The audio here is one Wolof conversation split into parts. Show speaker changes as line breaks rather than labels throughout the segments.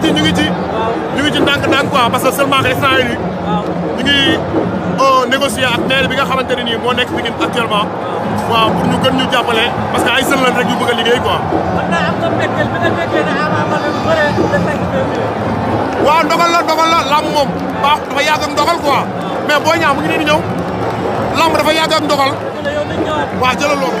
ngi ñu ngi ñu ngi ci ndànk-ndànk quoi parce que seulement que ñu ngi euh, négocier ak maire bi nga xamante ne nii moo nekk Pikine actuellement. ñu gën ñu jàppale parce que ay sën lañ rek ñu bëgg a liggéey quoi. mën la ndogal la lamb moom baax dafa yàgg ak ndogal quoi mais boo ñaax mu ngi nii di ñëw lamb dafa yàgg ak ndogal. waaw jëlal loolu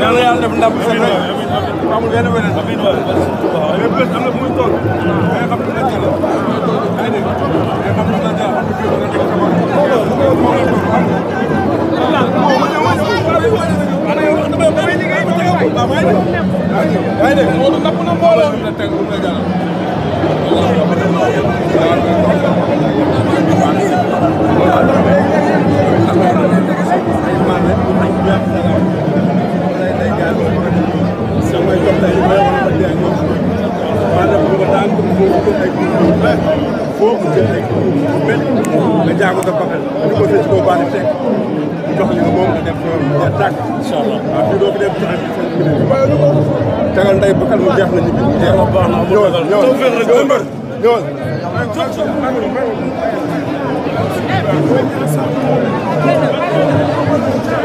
yàlla na yàlla def ndam bi seen bopp amul benn benn benn benn benn am na muy toog mais xam nga dina jël ay dégg mais xam nga dina jël ay dégg moo ñëwal ñëwal ñëwal
ñëwal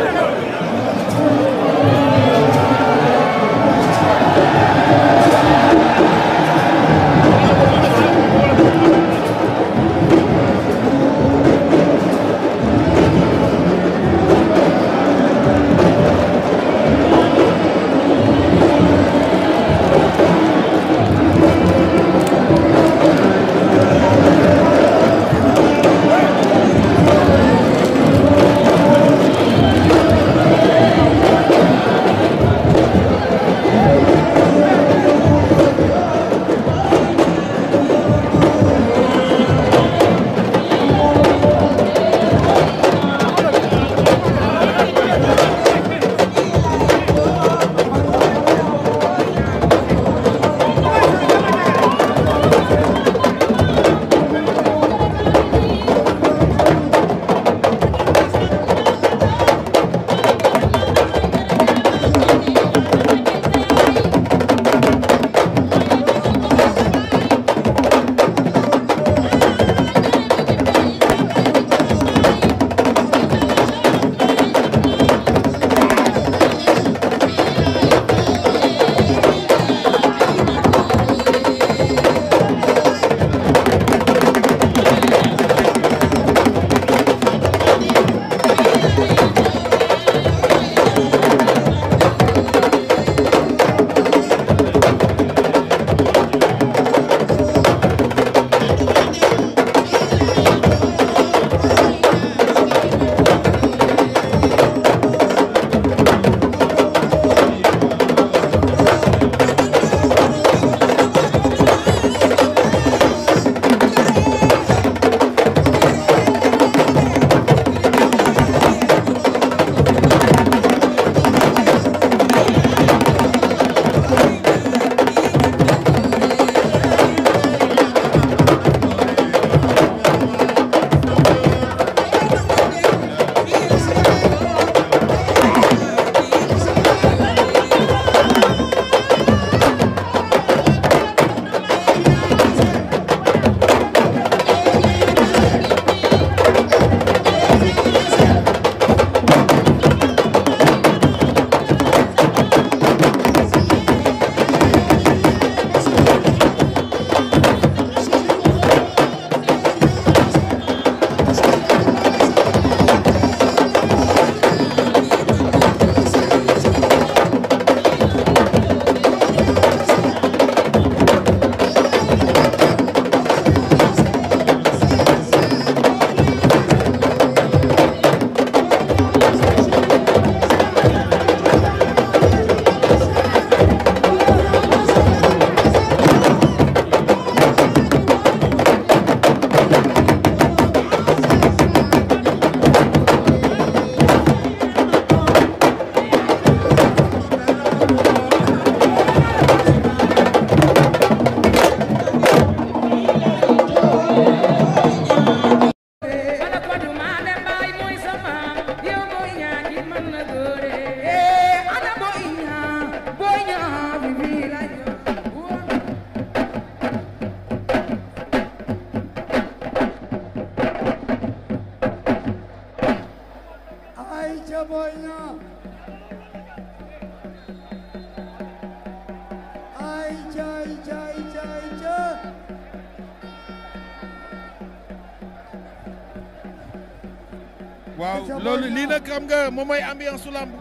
xam nga moom mooy ambiance su lamb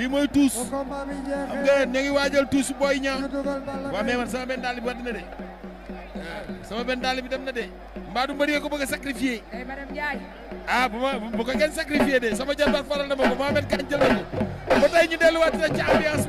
lii mooy tuus xam nga ñu ngi waajal tuus booy ñaa waaw mais man sama benn dàll bi wadd na de ah, sama benn dàll bi dem na de mbaa du mbëri ko bëgg a sacrifier ah bu bu ko kenn sacrifier de sama jàmbaar faral na ma ko Mohamed Kane jëlal ko ba tey ñu delluwaat ci ambiance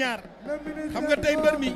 ñaar nga tey mbër mi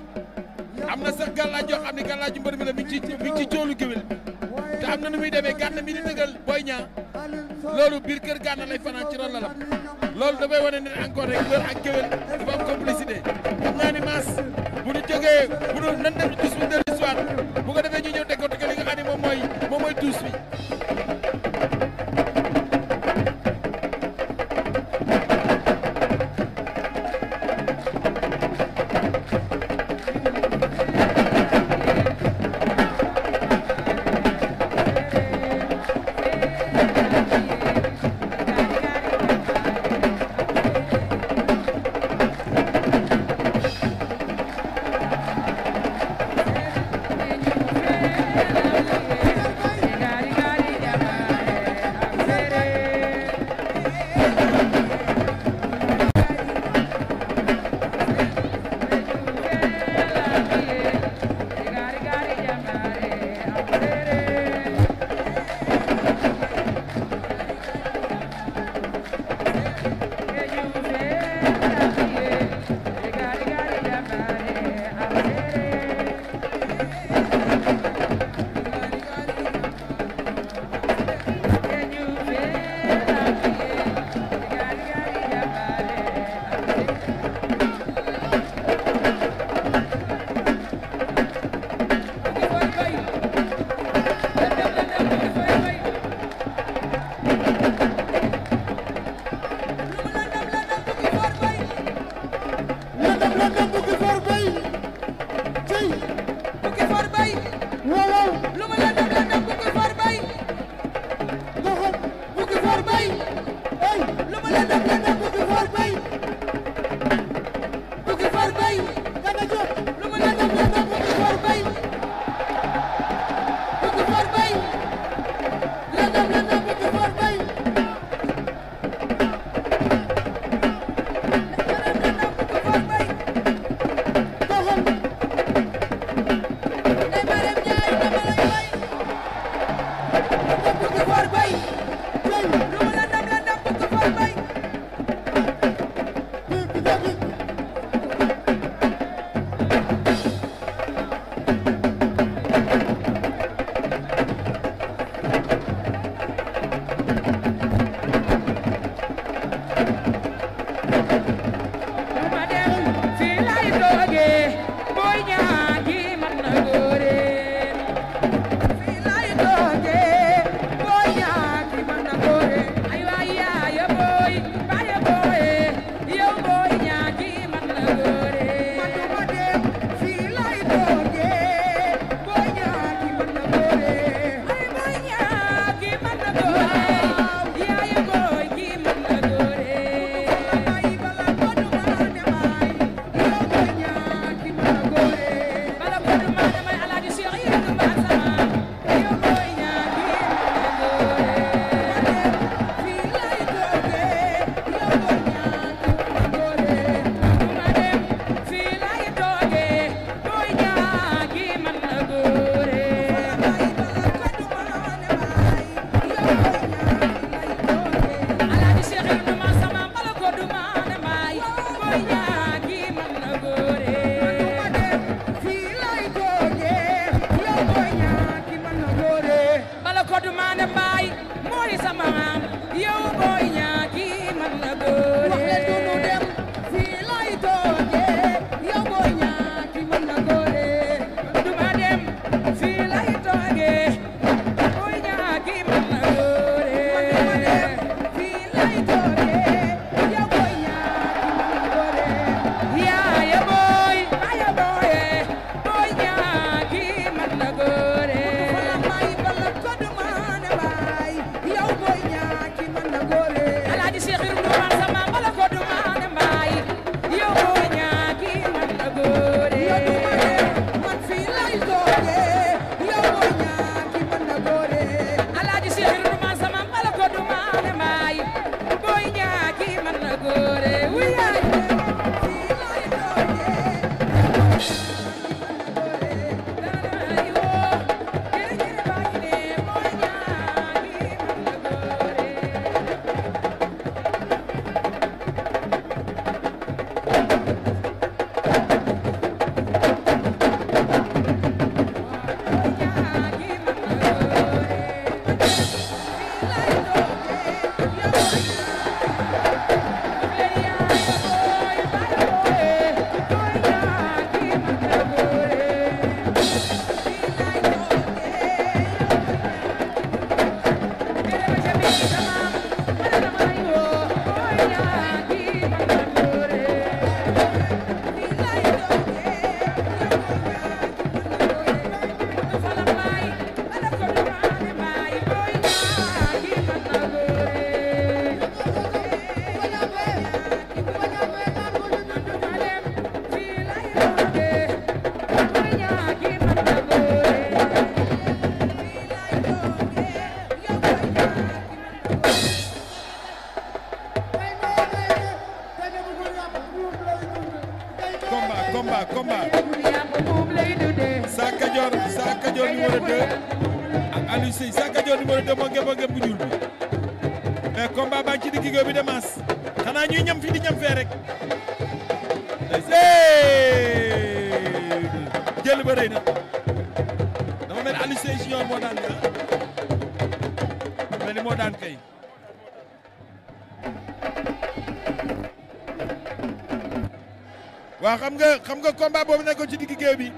xam nga xam nga combat boobu nekkoon ci digg géew bi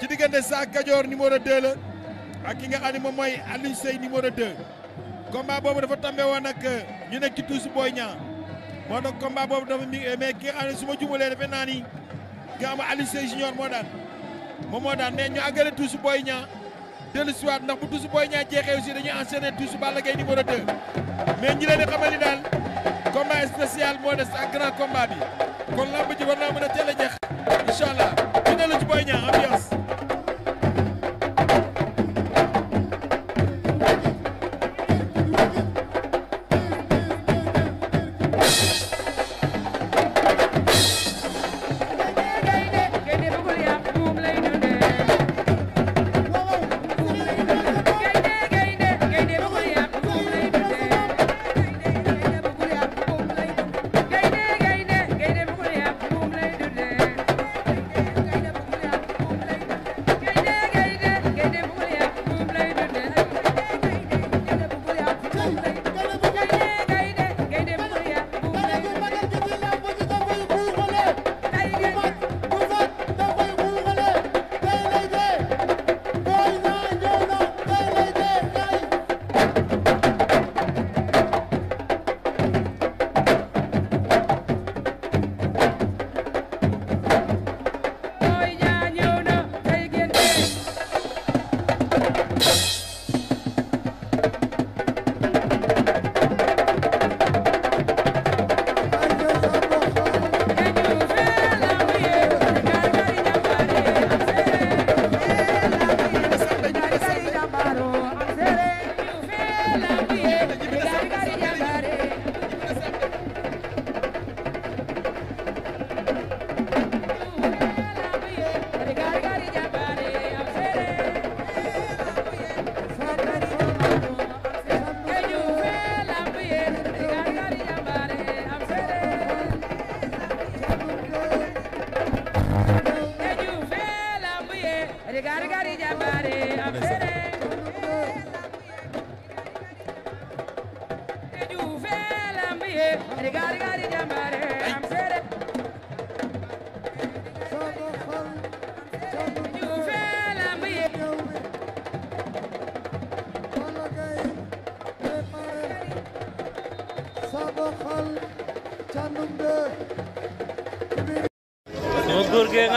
ci diggante Sa Kajoor numéro 2 la ak ki nga xam ne moom mooy Aliou Seye numéro boobu dafa tombé woon nag ñu nekk ci tuuti booy ñaar moo tax combat boobu dafa mi mais ki nga xam ne su naa ni nga xam Aliou Seye junior moo daan moom moo daan mais ñu àggale tuuti booy ñaar dellu si bu tuuti booy ñaar jeexee aussi dañuy enchaîner tuuti Balla Gaye numéro 2 mais ñi leen daal. combat spécial moo des ak grand combat bi kon lamb ji war naa mën a teel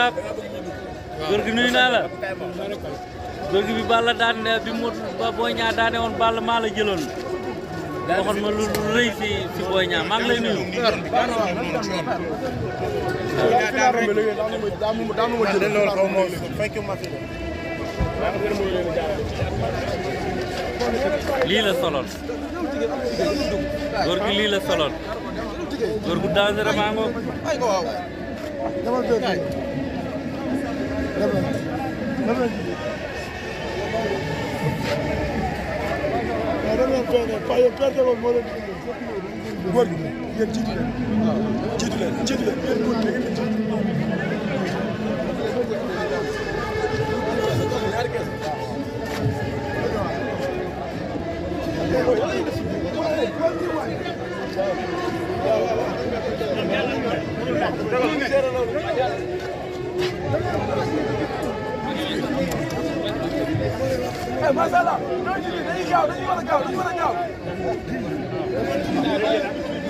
Pape
góor gi la góor bi Balla daan bi mu ba Boy Balla ma lu si si Boy Niang ngi lay nuyu. lii la soloon góor
gi góor gi yéen jiitu leen jiitu leen jiitu leen yéen góor gi
Thank you.
eh macha allah ñoo ngi nii dañuy gaaw dañuy war a gaaw dañuy war a gaaw.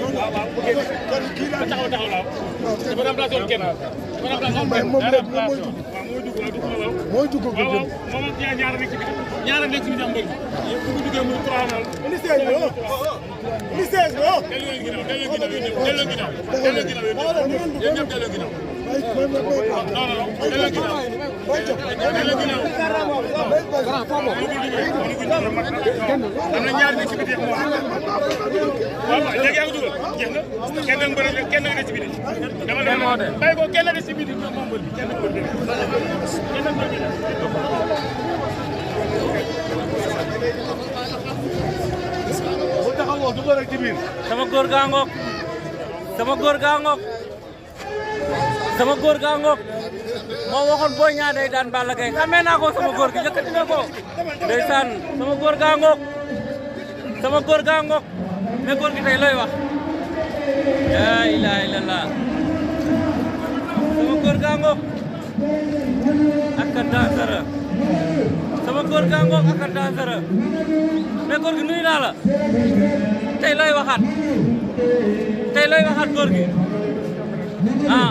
waaw waaw bu génn kon kii daal taxaw taxaw la dafa remplacé woon kenn dafa remplacé woon kenn daa remplacé woon waaw moo dugg waaw dugg na waaw. moo dugg waaw waaw moom ak ñaar ñaar nekk ci biir ñaar nekk ci biir ñaar mbëgg. bu ko duggee muy trois nal. indi seize bi oh. indi seize bi oh. delloo ginnaaw delloo ginnaaw delloo ginnaaw delloo ginnaaw yéen ñëpp delloo ginnaaw. non non delloo ginnaaw. am na ñaar ci biti waaw waaw léegi yaa ngi dugal jeex na kenn nga bëri kenn nga ci biti dama ne moo de bàyyi ko
moo waxoon Boy Niang daan Balla Gaye xamee naa ko sama góor gi yëkkati na ko ndeysaan sama góor gaa ngoog sama góor gaa ngoog mais góor gi tey looy wax laa ilaha illallah sama góor gaa ngoog ak a dansara sama góor gaa ngoog ak a dansara naa la tey looy waxaat tey looy waxaat góor gi ah.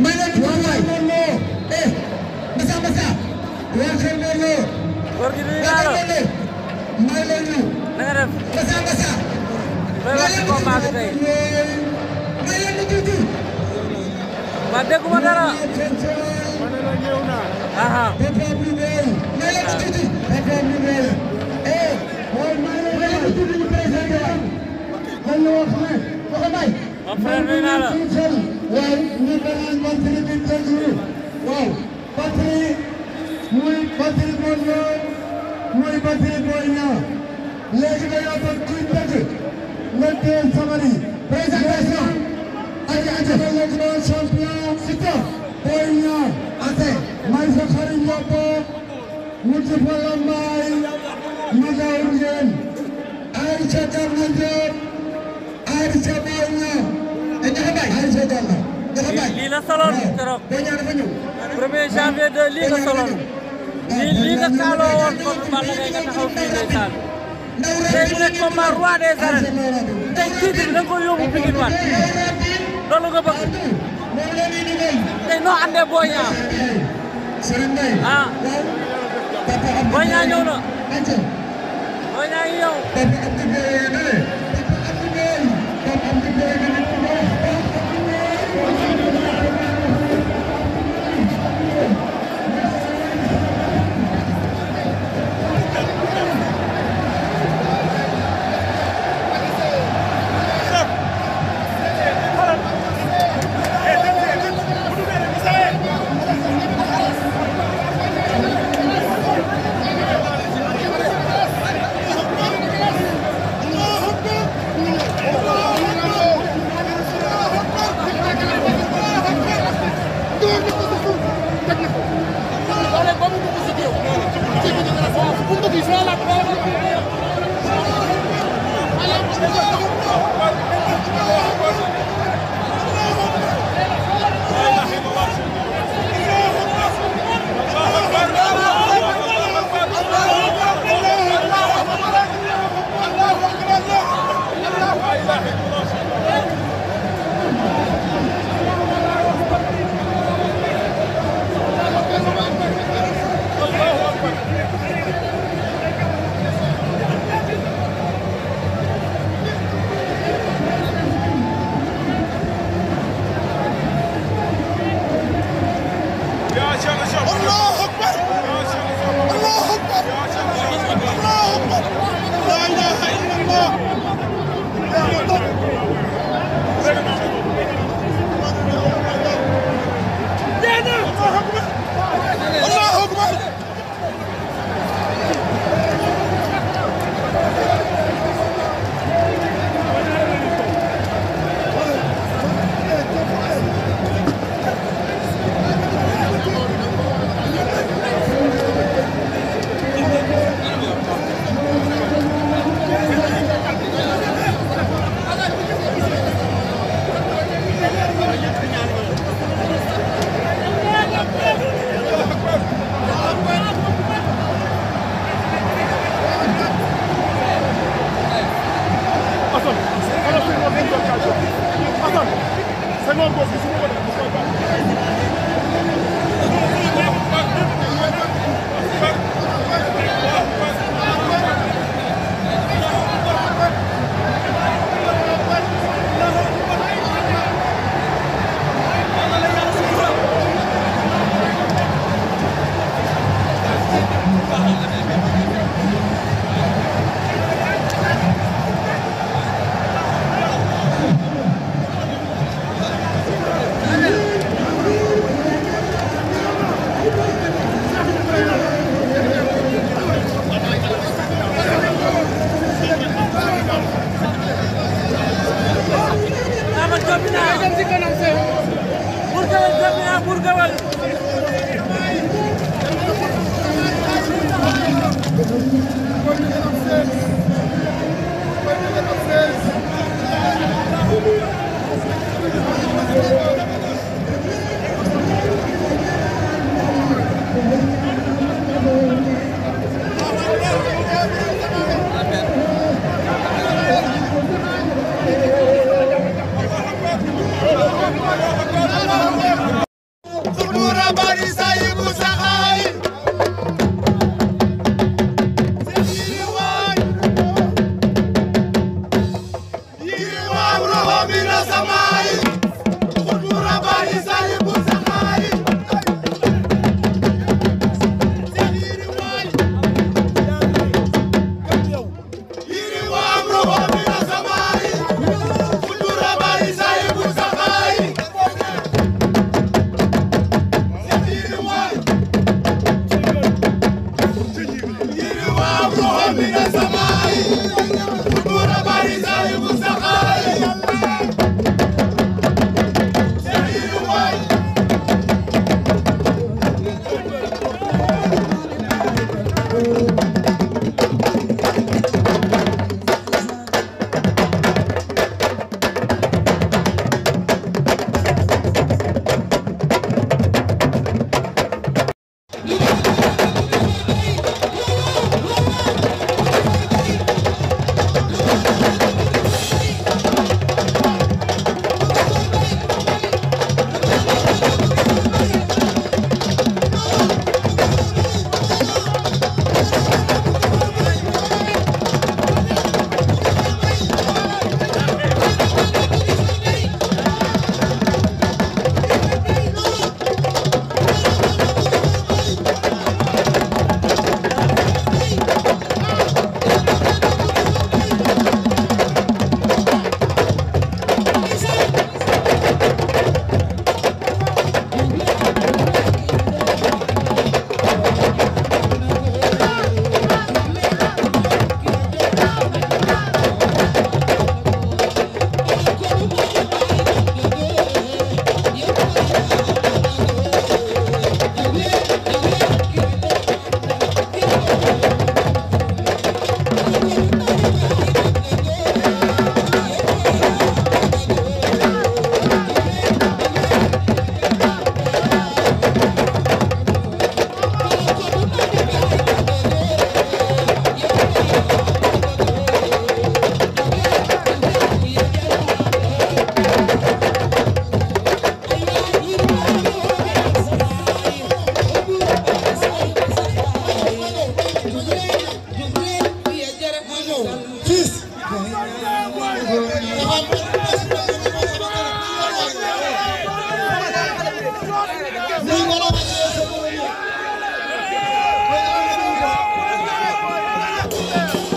may leen waaw waay eh Massa Massa war xel Mor Lo war gi nuyu naa la may leen ñu na nga def Massa Massa may wax ci combat bi tey may leen ñu tuuti ma dégguma dara
ma ne la ñëw
naa aha papa bi mel may leen ñu tuuti papa bi mel eh mooy may leen ñu tuuti ñu présenté waay man la wax ne ko bay waaw ñu danaan batterie bi tëjee waaw batterie muy batterie boobu ñëw muy batterie boobu ñëw léegi dañoo toog kuy tëj nga teel sabar yi. présentation ak ak ak champion Siteu booy ñëw ate may sa xarit bopp mu ci fa la mbaay mu daw ngeen ay ca kàr xaalis bi yow ñëw dafa bàyyi xaalis bi daal dafa bàyyi. lii la soloon eh, keroog boo ñëwee dafa ñëw. premier janvier de lii la soloon lii eh, lii la kaaloo woon comme Balla Gaye nga taxaw fii ndeysaan tey mu nekk combat roi des arènes tey titre bi da nga koy yóbbu Pikine waat loolu nga bëgg tey noo àndee boo ñaaw ah boo ñaaw ñëw na boo ñaaw ñëw. Happy David.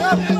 up.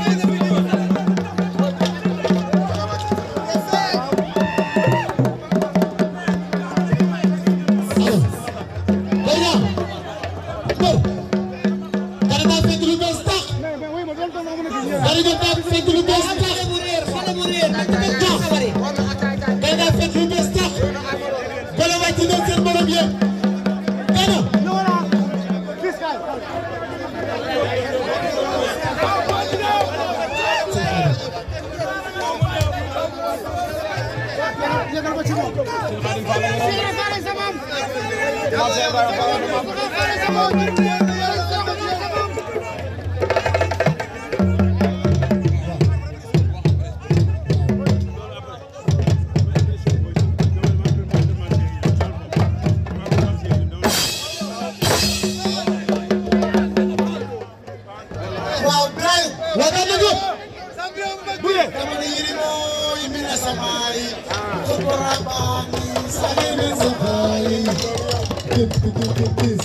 Dip, gonna dip, dip.